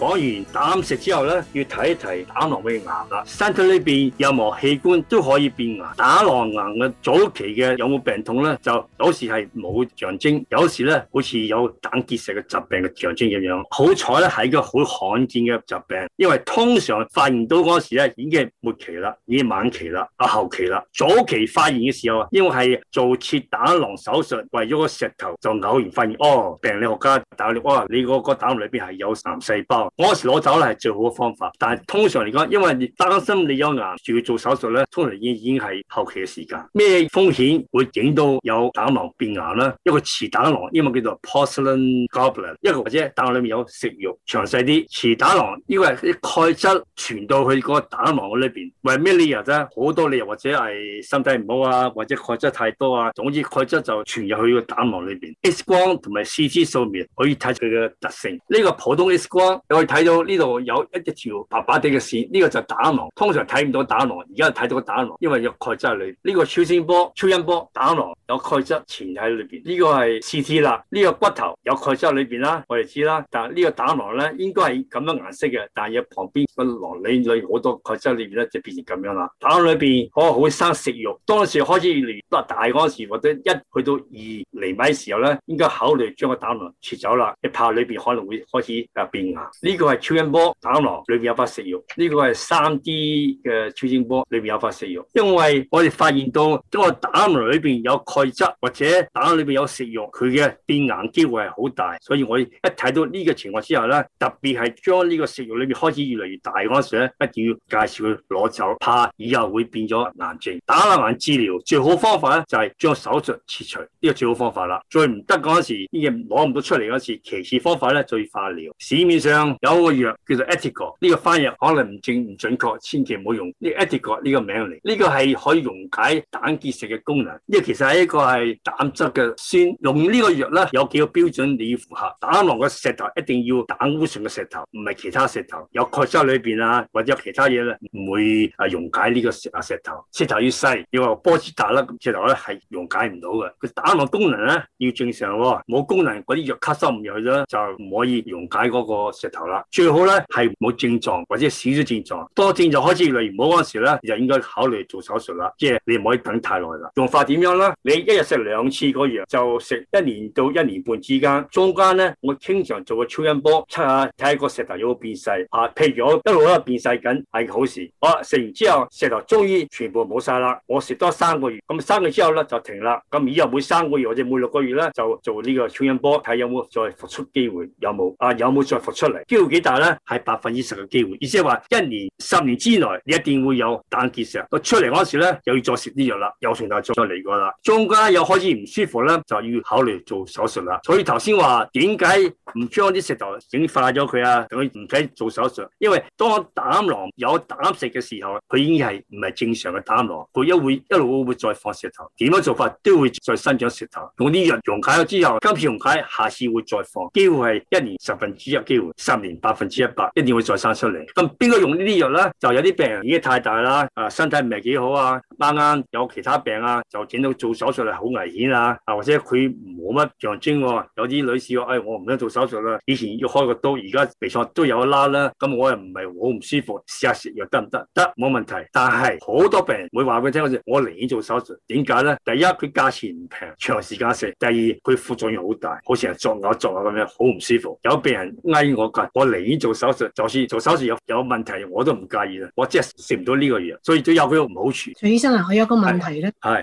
講完膽石之後咧，要提一提膽囊嘅癌啦。身體裏面任何器官都可以變癌。膽囊癌嘅早期嘅有冇病痛咧？就有時係冇象徵，有時咧好似有膽結石嘅疾病嘅象徵咁樣。好彩咧，係一個好罕見嘅疾病，因為通常發現到嗰時咧已經末期啦，已經晚期啦，啊後期啦。早期發現嘅時候啊，因為係做切膽囊手術，為咗個石頭，就偶然發現，哦病理學家打嚟，哇、哦、你個膽膽囊裏邊係有癌細胞。我攞走咧係最好嘅方法，但係通常嚟講，因為你擔心你有癌，仲要做手術咧，通常已經已經係後期嘅時間。咩風險會影到有膽囊變癌咧？一個瓷膽囊，英文叫做 porcelain gallbladder，一個或者膽囊裏面有食慾，詳細啲，瓷膽囊呢個係啲鈣質傳到去個膽囊嗰裏邊。為咩理由啫？好多理由，或者係身體唔好啊，或者鈣質太多啊，總之鈣質就傳入去個膽囊裏邊。X 光同埋 CT 掃描可以睇出佢嘅特性。呢個普通 X 光。會睇到呢度有一一條白白哋嘅線，呢個就係膽囊。通常睇唔到膽囊，而家睇到個膽囊，因為有鈣質喺裏邊。呢個超聲波、超音波膽囊有鈣質全喺裏邊。呢個係 CT 啦，呢個骨頭有鈣質喺裏邊啦，我哋知啦。但係呢個膽囊呢應該係咁樣顏色嘅，但係有旁邊個囊裏裏好多鈣質裏邊咧就變成咁樣啦。膽囊裏面，可好，好，好生食肉。當時開始嚟大嗰陣時，或者一去到二釐米嘅時候呢，應該考慮將個膽囊切走啦。你怕裏面可能會開始變癌。呢個係超音波膽囊裏邊有塊食肉，呢、這個係三 D 嘅超音波裏邊有塊食肉。因為我哋發現到，當個膽囊裏邊有鈣質或者膽囊裏邊有食肉，佢嘅變硬機會係好大。所以我哋一睇到呢個情況之下，咧，特別係將呢個食肉裏面開始越來越大嗰陣時咧，一定要介紹佢攞走，怕以後會變咗癌症。膽囊癌治療最好方法咧就係、是、將手術切除，呢、這個最好方法啦。最唔得嗰陣時候，呢嘢攞唔到出嚟嗰陣時候，其次方法咧就係化療。市面上。有個藥叫做 Ethical，呢個翻譯可能唔正唔準確，千祈唔好用呢 Ethical 呢個名嚟。呢、這個係可以溶解膽結石嘅功能。呢、這個、其實係一個係膽汁嘅酸。用呢個藥咧，有幾個標準你要符合。膽囊嘅石頭一定要膽污上嘅石頭，唔係其他石頭。有鈣質裏面啊，或者有其他嘢咧唔會啊溶解呢個石啊石頭。石頭要細，要、這、話、個、波子大粒。咁石頭咧係溶解唔到嘅。佢膽囊功能咧要正常喎、哦，冇功能嗰啲藥吸收唔入去咗，就唔可以溶解嗰個石頭。最好咧係冇症狀或者少咗症狀，多症狀就開始嚟，唔好嗰時咧，你就應該考慮做手術啦。即係你唔可以等太耐啦。用法點樣咧？你一日食兩次個藥，就食一年到一年半之間。中間咧，我經常做個超音波測下睇下個石頭有冇變細啊。譬如我一路咧變細緊係好事。我食完之後，石頭終於全部冇晒啦。我食多三個月，咁三個月之後咧就停啦。咁以後每三個月或者每六個月咧就做呢個超音波睇有冇再複出機會，有冇啊？有冇再複出嚟？要幾大咧？係百分之十嘅機會，意思係話一年、十年之內你一定會有膽結石。我出嚟嗰時咧，又要再食啲藥啦，有重大再嚟過啦。中間又開始唔舒服咧，就要考慮做手術啦。所以頭先話點解唔將啲石頭整化咗佢啊？等佢唔使做手術，因為當膽囊有膽石嘅時候，佢已經係唔係正常嘅膽囊，佢一會一路會再放石頭。點樣做法都會再生長石頭，用啲藥溶解咗之後，今次溶解，下次會再放，機會係一年十分之一機會，十年。百分之一百一定會再生出嚟。咁邊個用呢啲藥咧？就有啲病人已經太大啦，啊身體唔係幾好啊，啱啱有其他病啊，就整到做手術係好危險啊。啊或者佢冇乜象徵。啊，有啲女士話：哎，我唔想做手術啦。以前要開個刀，而家鼻塞都有啦啦。咁我又唔係好唔舒服，試下食藥得唔得？得，冇問題。但係好多病人會話俾佢聽好似，我寧願做手術。點解咧？第一佢價錢唔平，長時間食；第二佢副作用好大，好似人作嘔作嘔咁樣，好唔舒服。有病人呓我架。我寧願做手術，就算做手術有有問題，我都唔介意啦。我即係食唔到呢個嘢，所以都有佢個唔好處。徐醫生啊，我有個問題咧，係而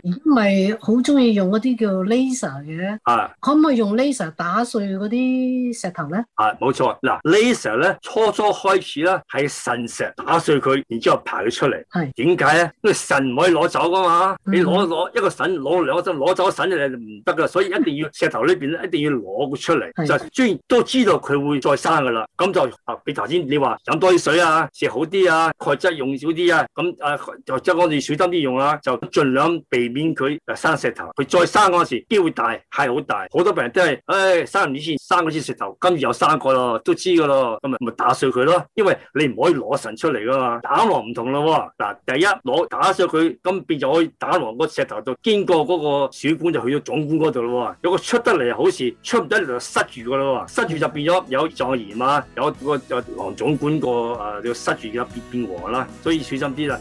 家好中意用嗰啲叫 laser 嘅，係是可唔可以用 laser 打碎嗰啲石頭咧？係冇錯，嗱 laser 咧，初初開始咧係腎石打碎佢，然之後排佢出嚟。係點解咧？因為腎唔可以攞走噶嘛，嗯、你攞攞一個腎，攞兩粒攞走腎神就唔得噶，所以一定要是石頭裡面呢邊咧一定要攞佢出嚟，的就雖然都知道佢會再生噶啦。咁就啊，你頭先你話飲多啲水啊，食好啲啊，鈣質用少啲啊，咁啊就即係嗰陣時小心啲用啊，就盡量避免佢生石頭。佢再生嗰陣時機會大，係好大。好多病人都係，唉、哎，生唔起先，生嗰啲石頭，跟住又生過咯，都知㗎喇。咁咪打碎佢咯，因為你唔可以攞神出嚟㗎嘛。打鑊唔同喇嗱，第一攞打碎佢，咁變就可以打鑊個石頭到經過嗰個水管就去咗總管嗰度喇喎，有個出得嚟係好事，出唔得嚟就塞住㗎喇喎，塞住就變咗有腫炎啦。有個有王總管個誒要塞住，而家變變黃啦，所以小心啲啦。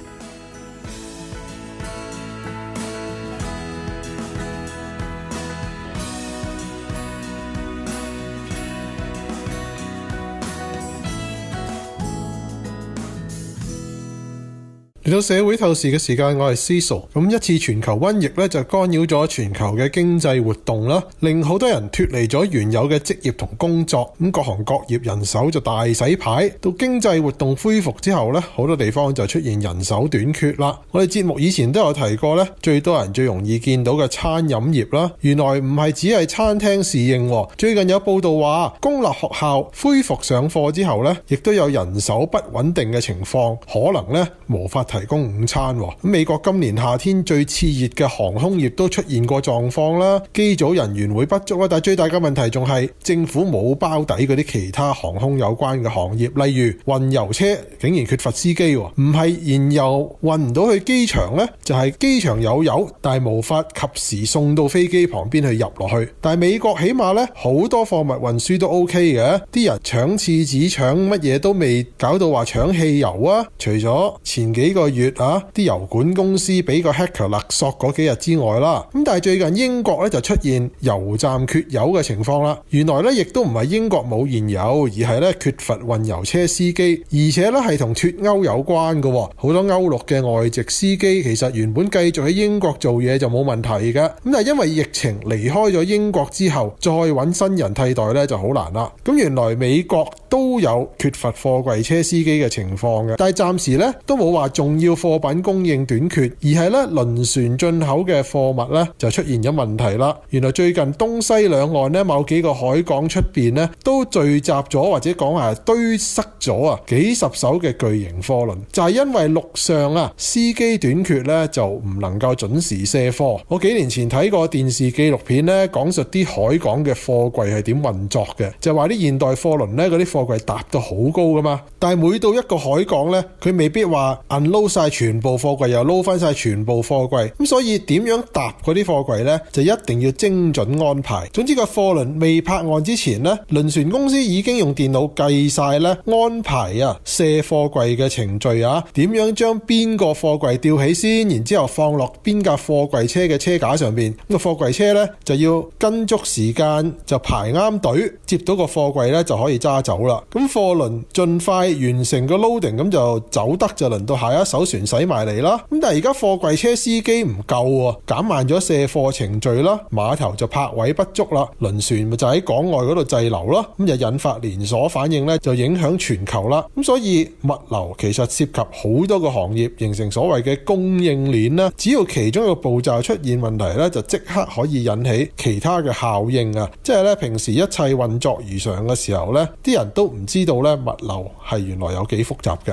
嚟到社會透視嘅時間，我係 Cecil。咁一次全球瘟疫咧，就干擾咗全球嘅經濟活動啦，令好多人脱離咗原有嘅職業同工作。咁各行各業人手就大洗牌。到經濟活動恢復之後咧，好多地方就出現人手短缺啦。我哋節目以前都有提過咧，最多人最容易見到嘅餐飲業啦，原來唔係只係餐廳侍應喎。最近有報道話，公立學校恢復上課之後咧，亦都有人手不穩定嘅情況，可能咧無法提。提供午餐，美國今年夏天最熾熱嘅航空業都出現過狀況啦，機組人員會不足啊，但係最大嘅問題仲係政府冇包底嗰啲其他航空有關嘅行業，例如運油車竟然缺乏司機，唔係燃油運唔到去機場咧，就係機場有油，但係無法及時送到飛機旁邊去入落去。但係美國起碼咧好多貨物運輸都 OK 嘅，啲人搶廁紙搶乜嘢都未搞到話搶汽油啊，除咗前幾個。個月啊，啲油管公司俾個黑客勒索嗰幾日之外啦，咁但係最近英國咧，就出現油站缺油嘅情況啦。原來咧亦都唔係英國冇燃油，而係咧缺乏運油車司機，而且咧係同脫歐有關㗎喎。好多歐陸嘅外籍司機其實原本繼續喺英國做嘢就冇問題嘅，咁但係因為疫情離開咗英國之後，再揾新人替代咧就好難啦。咁原來美國都有缺乏貨櫃車司機嘅情況嘅，但係暫時咧都冇話仲。要貨品供應短缺，而係咧輪船進口嘅貨物咧就出現咗問題啦。原來最近東西兩岸咧某幾個海港出邊咧都聚集咗或者講啊堆塞咗啊幾十艘嘅巨型貨輪，就係因為陸上啊司機短缺咧就唔能夠準時卸貨。我幾年前睇過電視紀錄片咧講述啲海港嘅貨櫃係點運作嘅，就話啲現代貨輪咧嗰啲貨櫃搭到好高噶嘛，但係每到一個海港咧，佢未必話 unload。晒全部貨櫃又撈翻晒全部貨櫃，咁所以點樣搭嗰啲貨櫃呢？就一定要精準安排。總之個貨輪未泊岸之前呢，輪船公司已經用電腦計晒咧安排啊卸貨櫃嘅程序啊，點樣將邊個貨櫃吊起先，然之後放落邊架貨櫃車嘅車架上面。咁個貨櫃車呢就要跟足時間就排啱隊，接到個貨櫃呢，就可以揸走啦。咁貨輪盡快完成個 loading，咁就走得，就輪到下一艘船駛埋嚟啦，咁但係而家貨櫃車司機唔夠啊，減慢咗卸貨程序啦，碼頭就泊位不足啦，輪船咪就喺港外嗰度滯留咯，咁就引發連鎖反應咧，就影響全球啦。咁所以物流其實涉及好多個行業，形成所謂嘅供應鏈啦。只要其中一個步驟出現問題咧，就即刻可以引起其他嘅效應啊。即係咧，平時一切運作如常嘅時候咧，啲人都唔知道咧，物流係原來有幾複雜嘅。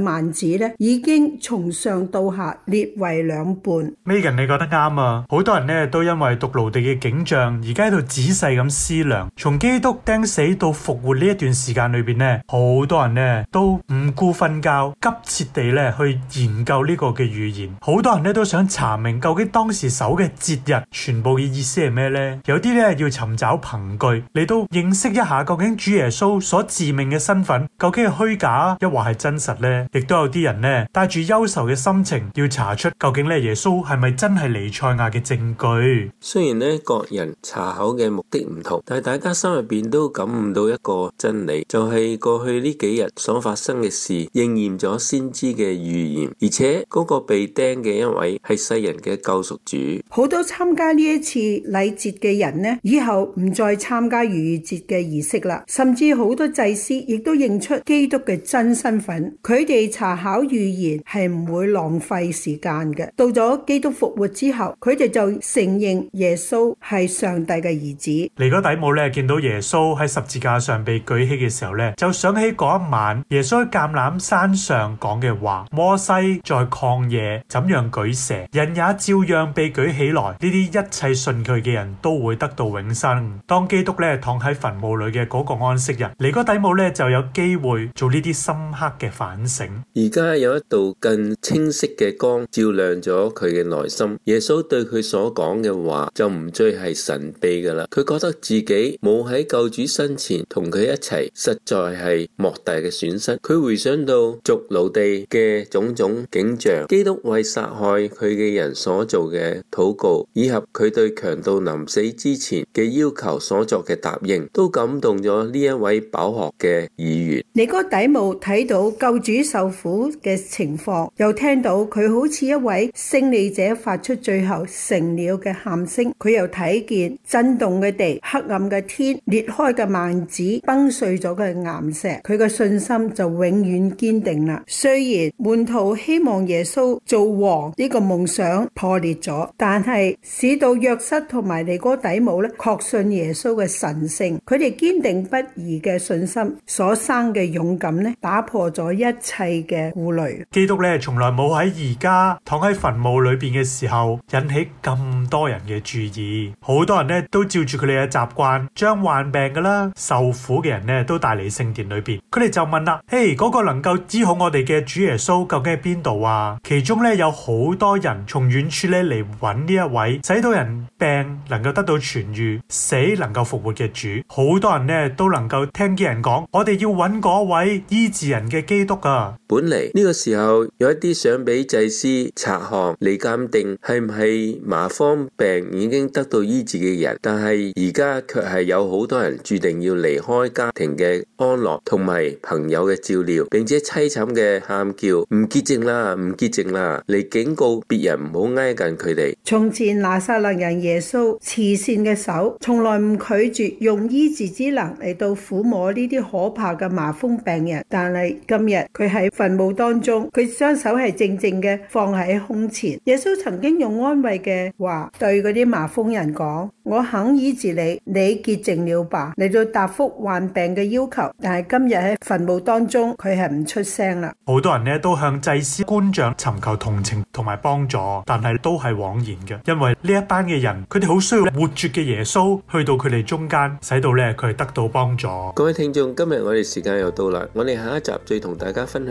萬子咧已經從上到下裂為兩半。Megan，你覺得啱啊？好多人咧都因為獨奴地嘅景象，而家喺度仔細咁思量。從基督釘死到復活呢一段時間裏邊咧，好多人咧都唔顧瞓覺，急切地咧去研究呢個嘅預言。好多人咧都想查明究竟當時守嘅節日全部嘅意思係咩呢？有啲咧要尋找憑據，你都認識一下究竟主耶穌所致命嘅身份究竟係虛假抑或係真實呢？亦都有啲人呢，帶住憂愁嘅心情，要查出究竟呢耶穌係咪真係尼賽亞嘅證據。雖然呢各人查考嘅目的唔同，但係大家心入邊都感悟到一個真理，就係過去呢幾日所發生嘅事，應驗咗先知嘅預言，而且嗰個被釘嘅一位係世人嘅救贖主。好多參加呢一次禮節嘅人呢，以後唔再參加逾越節嘅儀式啦，甚至好多祭司亦都認出基督嘅真身份，佢哋，被查考預言係唔會浪費時間嘅。到咗基督復活之後，佢哋就承認耶穌係上帝嘅兒子。尼哥底母咧，見到耶穌喺十字架上被舉起嘅時候咧，就想起嗰一晚耶穌喺橄欖山上講嘅話：摩西在曠野怎樣舉蛇，人也照樣被舉起來。呢啲一切信佢嘅人都會得到永生。當基督咧躺喺墳墓裏嘅嗰個安息日，尼哥底母咧就有機會做呢啲深刻嘅反省。而家有一道更清晰嘅光照亮咗佢嘅內心。耶穌對佢所講嘅話就唔再係神秘噶啦。佢覺得自己冇喺救主身前同佢一齊，實在係莫大嘅損失。佢回想到髑髏地嘅種種景象，基督為殺害佢嘅人所做嘅禱告，以及佢對強盜臨死之前嘅要求所作嘅答應，都感動咗呢一位飽學嘅議員。尼哥底母睇到救主受。受苦嘅情況，又聽到佢好似一位勝利者發出最後成了嘅喊聲，佢又睇見震動嘅地、黑暗嘅天、裂開嘅幔子、崩碎咗嘅岩石，佢嘅信心就永遠堅定啦。雖然門徒希望耶穌做王呢個夢想破裂咗，但係使到約瑟同埋尼哥底母咧確信耶穌嘅神聖，佢哋堅定不移嘅信心所生嘅勇敢打破咗一切。嘅顧慮，基督咧從來冇喺而家躺喺墳墓裏邊嘅時候引起咁多人嘅注意，好多人咧都照住佢哋嘅習慣，將患病嘅啦、受苦嘅人咧都帶嚟聖殿裏邊，佢哋就問啦：誒，嗰個能夠治好我哋嘅主耶穌究竟喺邊度啊？其中咧有好多人從遠處咧嚟揾呢一位使到人病能夠得到痊愈、死能夠復活嘅主，好多人咧都能夠聽啲人講，我哋要揾嗰位醫治人嘅基督啊！本嚟呢個時候有一啲想俾祭司察看嚟鑑定係唔係麻風病已經得到醫治嘅人，但係而家卻係有好多人注定要離開家庭嘅安樂同埋朋友嘅照料，並且淒慘嘅喊叫，唔潔淨啦，唔潔淨啦，嚟警告別人唔好挨近佢哋。從前拿撒勒人耶穌慈善嘅手從來唔拒絕用醫治之能嚟到撫摸呢啲可怕嘅麻風病人，但係今日佢係。喺墳墓當中，佢雙手係靜靜嘅放喺胸前。耶穌曾經用安慰嘅話對嗰啲麻風人講：「我肯醫治你，你潔淨了吧。」嚟到答覆患病嘅要求。但係今日喺墳墓當中，佢係唔出聲啦。好多人呢都向祭司、官長尋求同情同埋幫助，但係都係枉然嘅，因為呢一班嘅人，佢哋好需要活著嘅耶穌去到佢哋中間，使到咧佢哋得到幫助。各位聽眾，今日我哋時間又到啦，我哋下一集再同大家分享。